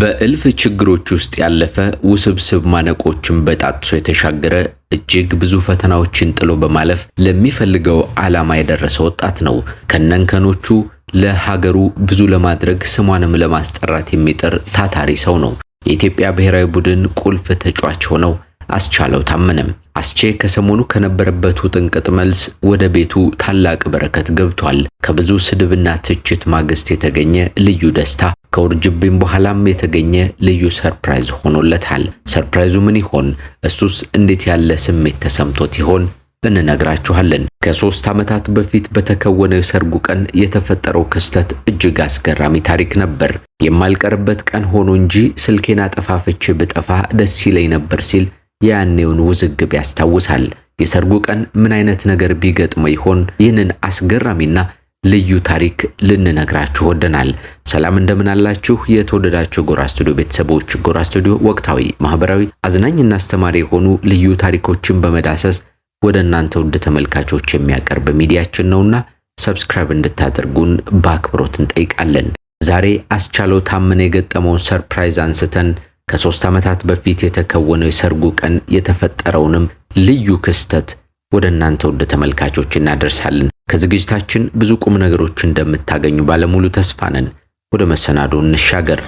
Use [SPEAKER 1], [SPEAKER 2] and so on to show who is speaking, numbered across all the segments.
[SPEAKER 1] በእልፍ ችግሮች ውስጥ ያለፈ ውስብስብ ማነቆችን በጣጥሶ የተሻገረ እጅግ ብዙ ፈተናዎችን ጥሎ በማለፍ ለሚፈልገው ዓላማ የደረሰ ወጣት ነው። ከነንከኖቹ ለሀገሩ ብዙ ለማድረግ ስሟንም ለማስጠራት የሚጥር ታታሪ ሰው ነው። የኢትዮጵያ ብሔራዊ ቡድን ቁልፍ ተጫዋች ሆነው አስቻለው ታመነም። አስቼ ከሰሞኑ ከነበረበት ውጥንቅጥ መልስ ወደ ቤቱ ታላቅ በረከት ገብቷል። ከብዙ ስድብና ትችት ማግስት የተገኘ ልዩ ደስታ ከውርጅብኝ በኋላም የተገኘ ልዩ ሰርፕራይዝ ሆኖለታል። ሰርፕራይዙ ምን ይሆን? እሱስ እንዴት ያለ ስሜት ተሰምቶት ይሆን? እንነግራችኋለን። ከሶስት ዓመታት በፊት በተከወነው የሰርጉ ቀን የተፈጠረው ክስተት እጅግ አስገራሚ ታሪክ ነበር። የማልቀርበት ቀን ሆኖ እንጂ ስልኬን አጠፋፍቼ ብጠፋ ደስ ይለኝ ነበር ሲል የያኔውን ውዝግብ ያስታውሳል። የሰርጉ ቀን ምን አይነት ነገር ቢገጥመው ይሆን? ይህንን አስገራሚና ልዩ ታሪክ ልንነግራችሁ ወደናል። ሰላም እንደምን አላችሁ? የተወደዳችሁ ጎራ ስቱዲዮ ቤተሰቦች፣ ጎራ ስቱዲዮ ወቅታዊ፣ ማህበራዊ፣ አዝናኝና አስተማሪ የሆኑ ልዩ ታሪኮችን በመዳሰስ ወደ እናንተ ውድ ተመልካቾች የሚያቀርብ ሚዲያችን ነውና ሰብስክራይብ እንድታደርጉን በአክብሮት እንጠይቃለን። ዛሬ አስቻለው ታመነ የገጠመውን ሰርፕራይዝ አንስተን ከሶስት ዓመታት በፊት የተከወነው የሰርጉ ቀን የተፈጠረውንም ልዩ ክስተት ወደ እናንተ ወደ ተመልካቾች እናደርሳለን። ከዝግጅታችን ብዙ ቁም ነገሮች እንደምታገኙ ባለሙሉ ተስፋ ነን። ወደ መሰናዶ እንሻገር።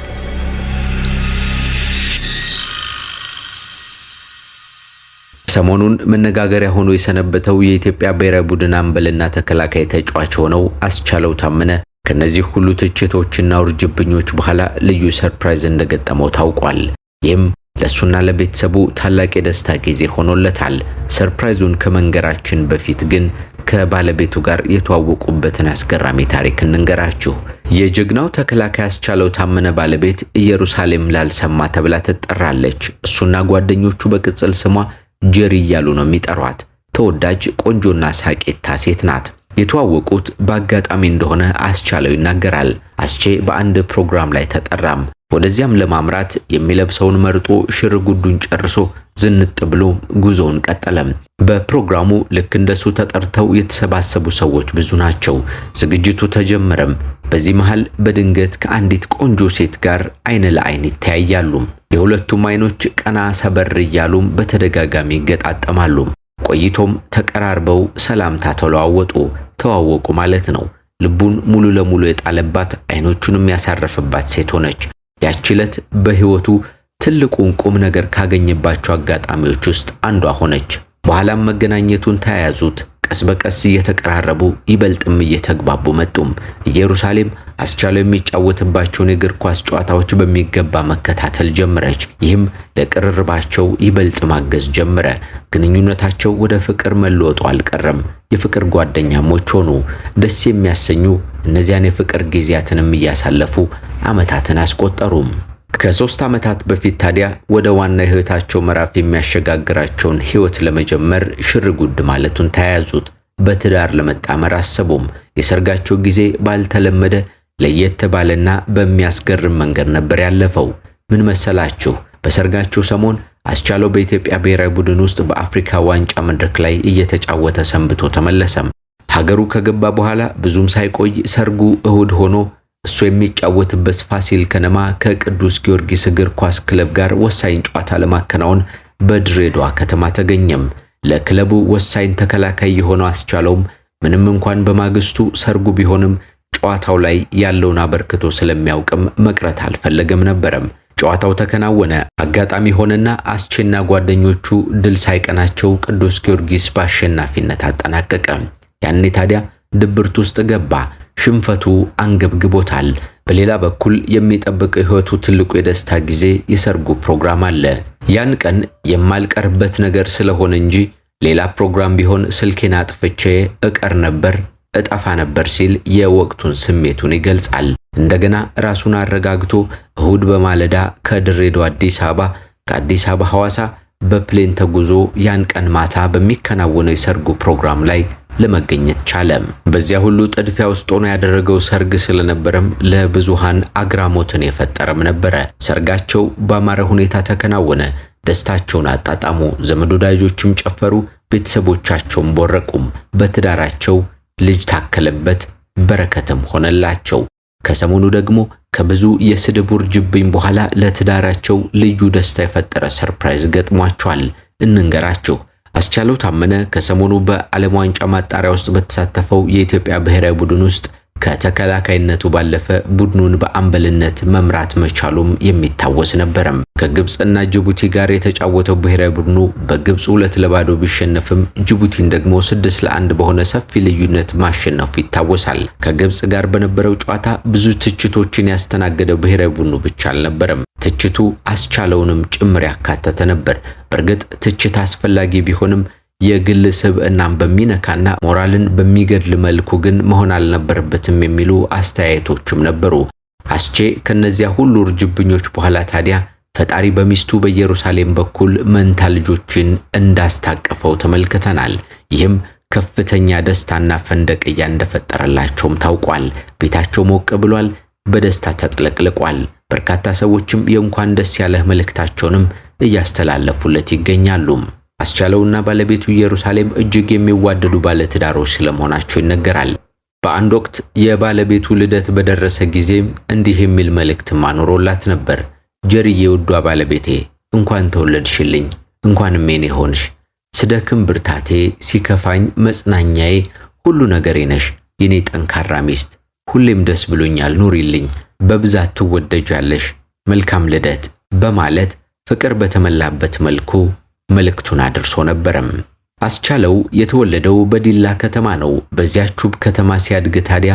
[SPEAKER 1] ሰሞኑን መነጋገሪያ ሆኖ የሰነበተው የኢትዮጵያ ብሔራዊ ቡድን አምበልና ተከላካይ ተጫዋች ሆነው አስቻለው ታመነ ከነዚህ ሁሉ ትችቶችና ውርጅብኞች በኋላ ልዩ ሰርፕራይዝ እንደገጠመው ታውቋል። ይህም ለእሱና ለቤተሰቡ ታላቅ የደስታ ጊዜ ሆኖለታል። ሰርፕራይዙን ከመንገራችን በፊት ግን ከባለቤቱ ጋር የተዋወቁበትን አስገራሚ ታሪክ እንንገራችሁ። የጀግናው ተከላካይ አስቻለው ታመነ ባለቤት ኢየሩሳሌም ላልሰማ ተብላ ትጠራለች። እሱና ጓደኞቹ በቅጽል ስሟ ጀሪ እያሉ ነው የሚጠሯት። ተወዳጅ ቆንጆና ሳቂታ ሴት ናት። የተዋወቁት በአጋጣሚ እንደሆነ አስቻለው ይናገራል። አስቼ በአንድ ፕሮግራም ላይ ተጠራም። ወደዚያም ለማምራት የሚለብሰውን መርጦ ሽር ጉዱን ጨርሶ ዝንጥ ብሎ ጉዞውን ቀጠለም። በፕሮግራሙ ልክ እንደሱ ተጠርተው የተሰባሰቡ ሰዎች ብዙ ናቸው። ዝግጅቱ ተጀመረም። በዚህ መሃል በድንገት ከአንዲት ቆንጆ ሴት ጋር አይን ለአይን ይተያያሉ። የሁለቱም አይኖች ቀና ሰበር እያሉም በተደጋጋሚ ይገጣጠማሉ። ቆይቶም ተቀራርበው ሰላምታ ተለዋወጡ፣ ተዋወቁ ማለት ነው። ልቡን ሙሉ ለሙሉ የጣለባት አይኖቹንም ያሳረፈባት ሴት ሆነች። ያችለት በህይወቱ ትልቁን ቁም ነገር ካገኘባቸው አጋጣሚዎች ውስጥ አንዷ ሆነች። በኋላም መገናኘቱን ተያያዙት። ቀስ በቀስ እየተቀራረቡ ይበልጥም እየተግባቡ መጡም። ኢየሩሳሌም አስቻለው የሚጫወትባቸውን የእግር ኳስ ጨዋታዎች በሚገባ መከታተል ጀመረች። ይህም ለቅርርባቸው ይበልጥ ማገዝ ጀመረ። ግንኙነታቸው ወደ ፍቅር መለወጡ አልቀረም። የፍቅር ጓደኛሞች ሆኑ። ደስ የሚያሰኙ እነዚያን የፍቅር ጊዜያትንም እያሳለፉ ዓመታትን አስቆጠሩም። ከሶስት ዓመታት በፊት ታዲያ ወደ ዋና ህይወታቸው ምዕራፍ የሚያሸጋግራቸውን ህይወት ለመጀመር ሽር ጉድ ማለቱን ተያያዙት። በትዳር ለመጣመር አሰቡም። የሰርጋቸው ጊዜ ባልተለመደ ለየት ባለና በሚያስገርም መንገድ ነበር ያለፈው። ምን መሰላችሁ? በሰርጋቸው ሰሞን አስቻለው በኢትዮጵያ ብሔራዊ ቡድን ውስጥ በአፍሪካ ዋንጫ መድረክ ላይ እየተጫወተ ሰንብቶ ተመለሰም። ሀገሩ ከገባ በኋላ ብዙም ሳይቆይ ሰርጉ እሁድ ሆኖ እሱ የሚጫወትበት ፋሲል ከነማ ከቅዱስ ጊዮርጊስ እግር ኳስ ክለብ ጋር ወሳኝ ጨዋታ ለማከናወን በድሬዳዋ ከተማ ተገኘም። ለክለቡ ወሳኝ ተከላካይ የሆነው አስቻለውም ምንም እንኳን በማግስቱ ሰርጉ ቢሆንም ጨዋታው ላይ ያለውን አበርክቶ ስለሚያውቅም መቅረት አልፈለገም ነበረም። ጨዋታው ተከናወነ። አጋጣሚ ሆነና አስቼና ጓደኞቹ ድል ሳይቀናቸው ቅዱስ ጊዮርጊስ በአሸናፊነት አጠናቀቀ። ያኔ ታዲያ ድብርት ውስጥ ገባ። ሽንፈቱ አንገብግቦታል። በሌላ በኩል የሚጠብቀ ሕይወቱ ትልቁ የደስታ ጊዜ የሰርጉ ፕሮግራም አለ። ያን ቀን የማልቀርበት ነገር ስለሆነ እንጂ ሌላ ፕሮግራም ቢሆን ስልኬን አጥፍቼ እቀር ነበር እጠፋ ነበር ሲል የወቅቱን ስሜቱን ይገልጻል። እንደገና ራሱን አረጋግቶ እሁድ በማለዳ ከድሬዳዋ አዲስ አበባ፣ ከአዲስ አበባ ሐዋሳ በፕሌን ተጉዞ ያን ቀን ማታ በሚከናወነው የሰርጉ ፕሮግራም ላይ ለመገኘት ቻለም። በዚያ ሁሉ ጥድፊያ ውስጥ ሆኖ ያደረገው ሰርግ ስለነበረም ለብዙሃን አግራሞትን የፈጠረም ነበረ። ሰርጋቸው ባማረ ሁኔታ ተከናወነ። ደስታቸውን አጣጣሙ። ዘመድ ወዳጆችም ጨፈሩ፣ ቤተሰቦቻቸውም ቦረቁም። በትዳራቸው ልጅ ታከለበት፣ በረከትም ሆነላቸው። ከሰሞኑ ደግሞ ከብዙ የስድብ ውርጅብኝ በኋላ ለትዳራቸው ልዩ ደስታ የፈጠረ ሰርፕራይዝ ገጥሟቸዋል። እንንገራችሁ። አስቻለው ታመነ ከሰሞኑ በዓለም ዋንጫ ማጣሪያ ውስጥ በተሳተፈው የኢትዮጵያ ብሔራዊ ቡድን ውስጥ ከተከላካይነቱ ባለፈ ቡድኑን በአምበልነት መምራት መቻሉም የሚታወስ ነበረም። ከግብፅና ጅቡቲ ጋር የተጫወተው ብሔራዊ ቡድኑ በግብፅ ሁለት ለባዶ ቢሸነፍም ጅቡቲን ደግሞ ስድስት ለአንድ በሆነ ሰፊ ልዩነት ማሸነፉ ይታወሳል። ከግብፅ ጋር በነበረው ጨዋታ ብዙ ትችቶችን ያስተናገደው ብሔራዊ ቡድኑ ብቻ አልነበረም። ትችቱ አስቻለውንም ጭምር ያካተተ ነበር። በእርግጥ ትችት አስፈላጊ ቢሆንም የግል ስብዕናን በሚነካና ሞራልን በሚገድል መልኩ ግን መሆን አልነበረበትም የሚሉ አስተያየቶችም ነበሩ። አስቼ ከነዚያ ሁሉ እርጅብኞች በኋላ ታዲያ ፈጣሪ በሚስቱ በኢየሩሳሌም በኩል መንታ ልጆችን እንዳስታቀፈው ተመልክተናል። ይህም ከፍተኛ ደስታና ፈንደቅያ እንደፈጠረላቸውም ታውቋል። ቤታቸው ሞቅ ብሏል፣ በደስታ ተጥለቅልቋል። በርካታ ሰዎችም የእንኳን ደስ ያለህ መልእክታቸውንም እያስተላለፉለት ይገኛሉ። አስቻለውና ባለቤቱ ኢየሩሳሌም እጅግ የሚዋደዱ ባለትዳሮች ስለመሆናቸው ይነገራል። በአንድ ወቅት የባለቤቱ ልደት በደረሰ ጊዜ እንዲህ የሚል መልእክትም አኖሮላት ነበር። ጀርዬ ውዷ ባለቤቴ እንኳን ተወለድሽልኝ፣ እንኳንም የኔ ሆንሽ። ስደክም ብርታቴ፣ ሲከፋኝ መጽናኛዬ፣ ሁሉ ነገሬ ነሽ። የኔ ጠንካራ ሚስት ሁሌም ደስ ብሎኛል። ኑሪልኝ፣ በብዛት ትወደጃለሽ። መልካም ልደት በማለት ፍቅር በተመላበት መልኩ መልእክቱን አድርሶ ነበረም። አስቻለው የተወለደው በዲላ ከተማ ነው። በዚያች ውብ ከተማ ሲያድግ ታዲያ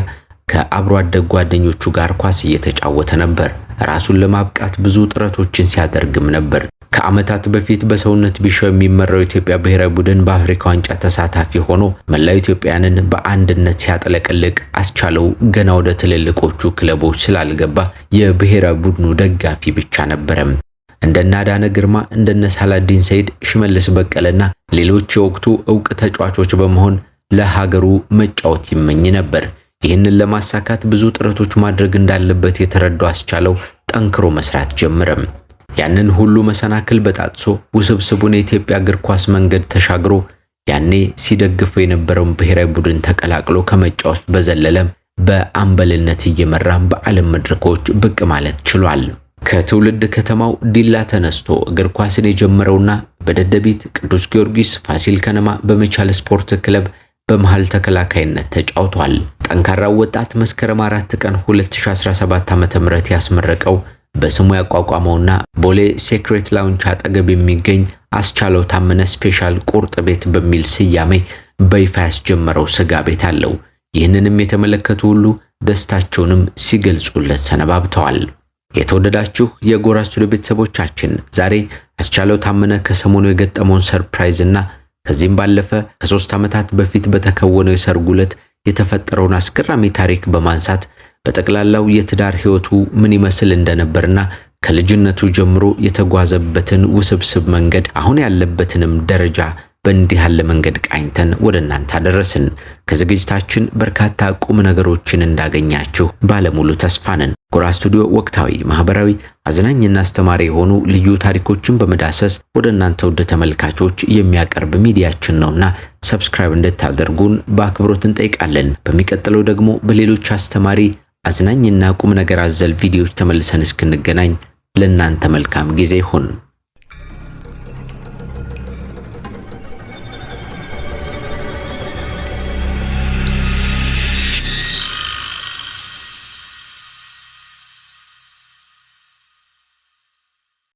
[SPEAKER 1] ከአብሮ አደግ ጓደኞቹ ጋር ኳስ እየተጫወተ ነበር። ራሱን ለማብቃት ብዙ ጥረቶችን ሲያደርግም ነበር። ከዓመታት በፊት በሰውነት ቢሻው የሚመራው የኢትዮጵያ ብሔራዊ ቡድን በአፍሪካ ዋንጫ ተሳታፊ ሆኖ መላው ኢትዮጵያንን በአንድነት ሲያጥለቀልቅ አስቻለው ገና ወደ ትልልቆቹ ክለቦች ስላልገባ የብሔራዊ ቡድኑ ደጋፊ ብቻ ነበረም። እንደናዳነ ግርማ፣ እንደነ ሳላዲን ሰይድ፣ ሽመልስ በቀለና ሌሎች የወቅቱ እውቅ ተጫዋቾች በመሆን ለሀገሩ መጫወት ይመኝ ነበር። ይህንን ለማሳካት ብዙ ጥረቶች ማድረግ እንዳለበት የተረዳው አስቻለው ጠንክሮ መስራት ጀመረም። ያንን ሁሉ መሰናክል በጣጥሶ ውስብስቡን የኢትዮጵያ እግር ኳስ መንገድ ተሻግሮ ያኔ ሲደግፈው የነበረውን ብሔራዊ ቡድን ተቀላቅሎ ከመጫወት በዘለለም በአምበልነት እየመራ በዓለም መድረኮች ብቅ ማለት ችሏል። ከትውልድ ከተማው ዲላ ተነስቶ እግር ኳስን የጀመረውና በደደቢት ቅዱስ ጊዮርጊስ፣ ፋሲል ከነማ በመቻል ስፖርት ክለብ በመሃል ተከላካይነት ተጫውቷል። ጠንካራው ወጣት መስከረም 4 ቀን 2017 ዓ.ም ያስመረቀው በስሙ ያቋቋመውና ቦሌ ሴክሬት ላውንች አጠገብ የሚገኝ አስቻለው ታመነ ስፔሻል ቁርጥ ቤት በሚል ስያሜ በይፋ ያስጀመረው ስጋ ቤት አለው። ይህንንም የተመለከቱ ሁሉ ደስታቸውንም ሲገልጹለት ሰነባብተዋል። የተወደዳችሁ የጎራ ስቱዲዮ ቤተሰቦቻችን ዛሬ አስቻለው ታመነ ከሰሞኑ የገጠመውን ሰርፕራይዝ እና ከዚህም ባለፈ ከሶስት ዓመታት በፊት በተከወነው የሰርጉ ዕለት የተፈጠረውን አስገራሚ ታሪክ በማንሳት በጠቅላላው የትዳር ሕይወቱ ምን ይመስል እንደነበርና ከልጅነቱ ጀምሮ የተጓዘበትን ውስብስብ መንገድ አሁን ያለበትንም ደረጃ በእንዲህ ያለ መንገድ ቃኝተን ወደ እናንተ አደረስን። ከዝግጅታችን በርካታ ቁም ነገሮችን እንዳገኛችሁ ባለሙሉ ተስፋ ነን። ጎራ ስቱዲዮ ወቅታዊ፣ ማህበራዊ፣ አዝናኝና አስተማሪ የሆኑ ልዩ ታሪኮችን በመዳሰስ ወደ እናንተ ውድ ተመልካቾች የሚያቀርብ ሚዲያችን ነውና ሰብስክራይብ እንድታደርጉን በአክብሮት እንጠይቃለን። በሚቀጥለው ደግሞ በሌሎች አስተማሪ፣ አዝናኝና ቁም ነገር አዘል ቪዲዮዎች ተመልሰን እስክንገናኝ ለእናንተ መልካም ጊዜ ይሁን።